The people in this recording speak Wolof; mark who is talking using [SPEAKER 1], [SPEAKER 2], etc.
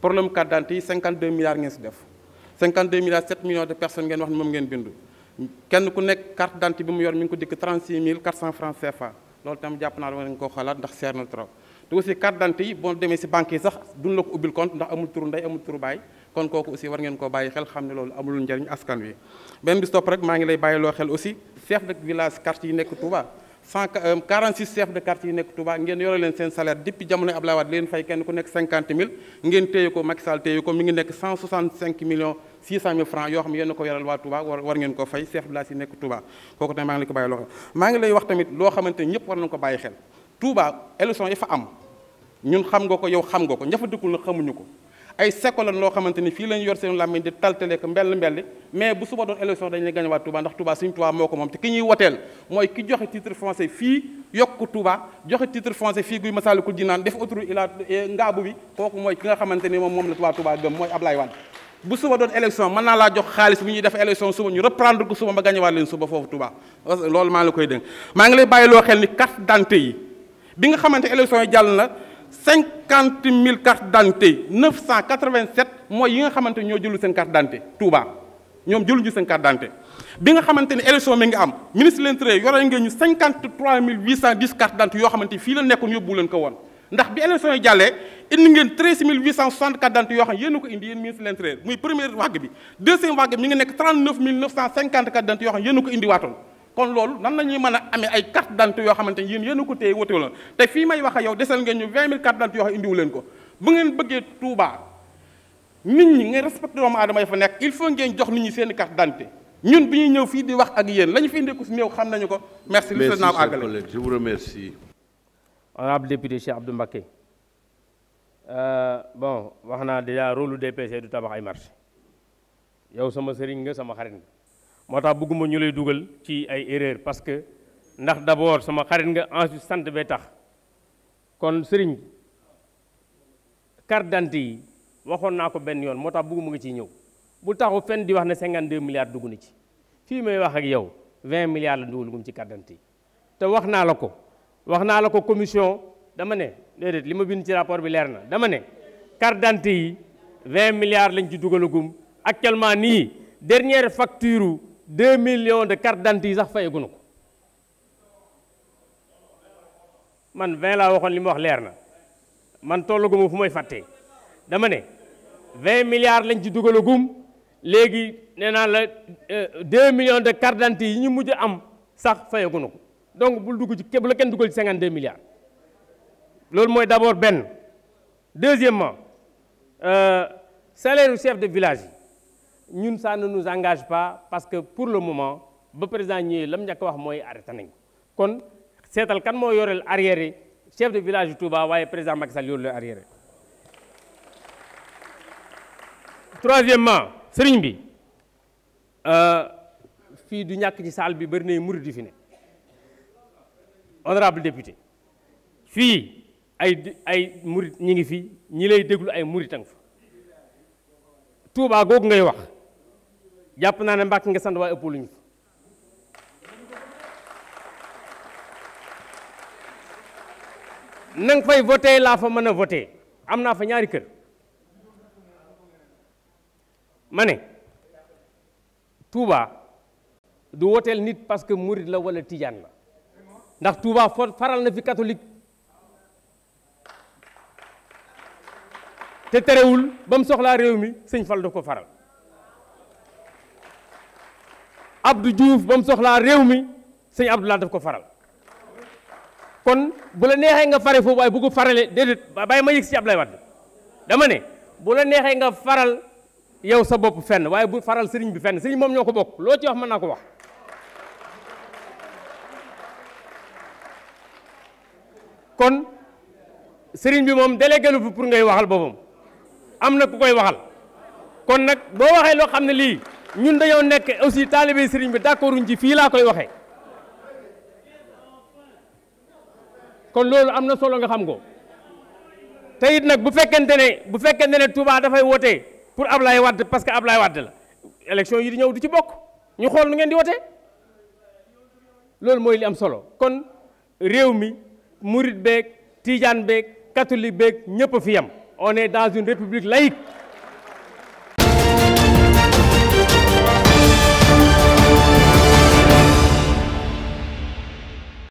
[SPEAKER 1] problème carte d'identité yi 52 milliards ngeen si def 52 milliards 7 millions de personnes ngeen wax ne moom ngeen bindu kenn ku nekk carte d'identité bi mu yor mi ngi ko dikk 36 mille 400 francs CFA loolu tam jàpp naa war nañu koo xalaat ndax seer na trop te aussi carte d'identité yi boo demee si banque yi sax duñ la ko ubbil compte ndax amul turu ndey amul turu baay kon kooku aussi war ngeen koo bàyyi xel xam ne loolu cent euh, quarante six chefs de quartier yi nekk Touba ngeen yore leen seen salaire depuis jamono Abdoulaye Wade leen fay kenn ku nekk cinquante mille ngeen téye ko Macky Sall ko mi ngi nekk cent soixante cinq millions six cent mille francs yoo xam ne yéen ko yoral waa Touba war war ngeen ko fay chef de village yi nekk Touba kooku tamit maa ngi lay ko bàyyi loxo maa ngi lay wax tamit loo xamante ñëpp war nañu ko bàyyi xel Touba élection yi fa am ñun xam nga ko yow xam nga ko ña fa dëkkul na xamuñu ko ay sekolan loo xamante ni fii lañu yor seen làmmiñ di taltale ko mbell mbelli mais bu suba doon élection dañu la gañewaat ndax Touba suñu Touba moo ko moom te ki ñuy woteel mooy ki eh, nga xamante moom moom la Touba Touba gëm mooy Ablaye Wade bu suba doon élection mën naa laa jox xaalis bu ñuy def élection suba ñu reprendre ko suba ma gañewaat leen suba foofu Touba loolu maa la koy dénk maa ngi lay bàyyi loo xel ni carte d'identité yi bi nga xamante élection yi jàll cinquante mille cartes d'identité neuf cent quatre-vingt-sept mooy yi nga xamante ñoo jëlu seen carte d'identité Touba ñoom jëluñu seen carte d'identité bi nga xamante ne élection mi ngi am ministre de yore ngeen ñu cinquante trois mille huit cent dix cartes d'identité yoo xamante fii la nekkoon yóbbu leen ko woon ndax bi élection yi jàllee indi ngeen treize mille huit cent soixante quatre d'identité yoo xam ne ko indi yéen ministre de muy première vague bi deuxième kon loolu nan la ñuy mën a amee ay carte d'identité yoo xamante ni yéen yéen a ko téye wote te fii may wax ak yow desal ngeen ñu 20 000 carte d'identité yoo xam indiwu leen bu ngeen bëggee Touba nit ñi nga respecté doomu aadama fa nekk il faut ngeen jox nit ñi seen carte dante ñun bi ñuy ñëw fii di wax ak yéen la ñu fi indi ko si xam nañu ko. merci li naa ko àggale merci je vous remercie.
[SPEAKER 2] honorable député Cheikh Abdou Mbacké euh, bon naa déjà rôle lu DPC du tabax ay marché yow sama sëriñ nga sama xarit nga. moo tax bëgguma ñu lay dugal ci ay erreur parce que ndax d'abord sama xarit nga ensuite sant bee tax kon sëriñ carte d'identité yi waxoon naa ko benn yoon moo tax bëgguma nga ciy ñëw bu taxu fenn di wax na 52 milliards dugg na ci fii may wax ak yow 20 milliards la dugalagum ci carte yi te wax naa la ko wax naa la ko commission dama ne déedéet li ma bind ci rapport bi leer na dama ne carte d'identité yi 20 milliards lañ ci dugalagum actuellement nii dernière facture deux millions de carte d'identité yi sax fayagunu ko man vingt laa waxoon li ma wax leer na man tollaguma fu may fàtte dama ne vingt milliards lañ ci dugalagum léegi nee naa la euh, deux millions de carte d'identité yi ñu mujj am sax fayagunu ko donc bul dugg ci képp la kenn dugal ci cinquante deux milliards loolu mooy d'abord benn deuxièmement euh, salaire u chef de village yi ñun ça ne engage pas parce que pour le moment ba président ñëwee lam njëkk wax mooy arrêté nañ kon seetal kan moo yoreel arrière yi chef de village Touba waaye président Macky Sall yoreel arrière troisièmement sëriñ bi euh, fii du ñàkk ci salle bi bëri na murid du fi ne honorable député fii ay ay murid ngi fi ñi lay déglu ay murid tang fa Touba googu ngay wax jàpp naa ne mbàkk nga sant waaye ëpp luñu fa nang fay voté laa fa mën a voté am naa fa ñaari kër ma ne Touba du woteel nit parce que murid la wala tijaan la ndax Touba fo faral na fi katolik te terewul ba mu soxlaa réew mi sëñ Fall da ko faral Abdou Diouf ba mu soxlaa réew mi sëñ Abdoulaye def ko faral kon bu la neexee nga fare foofu waaye bu ko farale déedéet bàyyi ma yëg si Abdoulaye Wade dama ne bu la neexee nga faral yow sa bopp fenn waaye bu faral sëriñ bi fenn sëriñ moom ñoo ko bokk loo ci wax mën naa ko wax kon sëriñ bi moom délégué lu fi pour ngay waxal boppam am na ku koy waxal kon nag boo waxee loo xam ne lii ñun dañoo nekk aussi taalibe sëriñ bi d'accorduñ ci fii laa koy waxee kon loolu am na solo nga xam ko te yit nag bu fekkente ne bu fekkente ne Touba dafay wootee pour Ablaye Wade parce que Ablaye wadd la élection yi di ñëw di ci bokk ñu xool nu ngeen di wote loolu mooy li am solo kon réew mi murit beeg tijaan beeg catholique beeg ñëpp a fi yam on est dans une république laïque